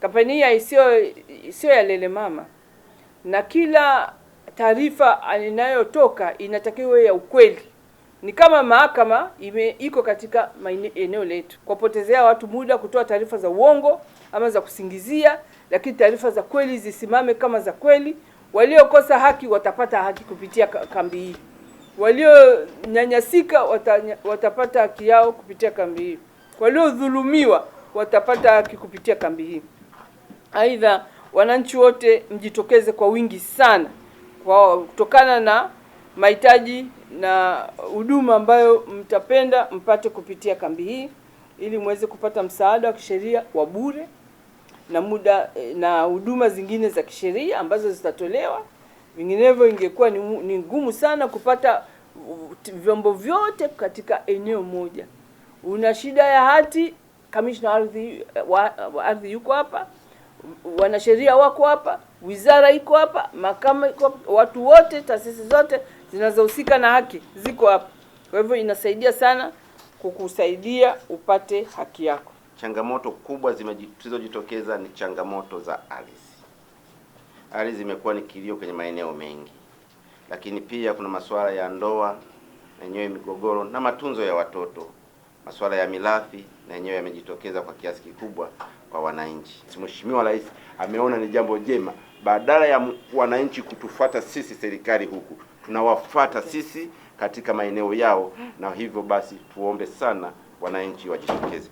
kampania sio ya Lele Mama, na kila taarifa inayotoka inatakiwa ya ukweli. Ni kama mahakama ime, iko katika eneo letu kuwapotezea watu muda kutoa taarifa za uongo ama za kusingizia, lakini taarifa za kweli zisimame kama za kweli. Waliokosa haki watapata haki kupitia kambi hii, walionyanyasika watanya, watapata haki yao kupitia kambi hii, waliodhulumiwa watapata haki kupitia kambi hii. Aidha, wananchi wote mjitokeze kwa wingi sana kwa kutokana na mahitaji na huduma ambayo mtapenda mpate kupitia kambi hii ili muweze kupata msaada wa kisheria wa bure na muda na huduma zingine za kisheria ambazo zitatolewa. Vinginevyo ingekuwa ni ngumu sana kupata vyombo vyote katika eneo moja. Una shida ya hati, kamishna wa ardhi yuko hapa wanasheria wako hapa, wizara iko hapa, mahakama iko hapa, watu wote, taasisi zote zinazohusika na haki ziko hapa. Kwa hivyo inasaidia sana kukusaidia upate haki yako. Changamoto kubwa zilizojitokeza ni changamoto za ardhi. Ardhi imekuwa ni kilio kwenye maeneo mengi, lakini pia kuna masuala ya ndoa yenyewe, migogoro na matunzo ya watoto masuala ya mirathi na yenyewe yamejitokeza kwa kiasi kikubwa kwa wananchi. Mheshimiwa Rais ameona ni jambo jema, badala ya wananchi kutufuata sisi serikali huku, tunawafuata sisi katika maeneo yao, na hivyo basi tuombe sana wananchi wajitokeze.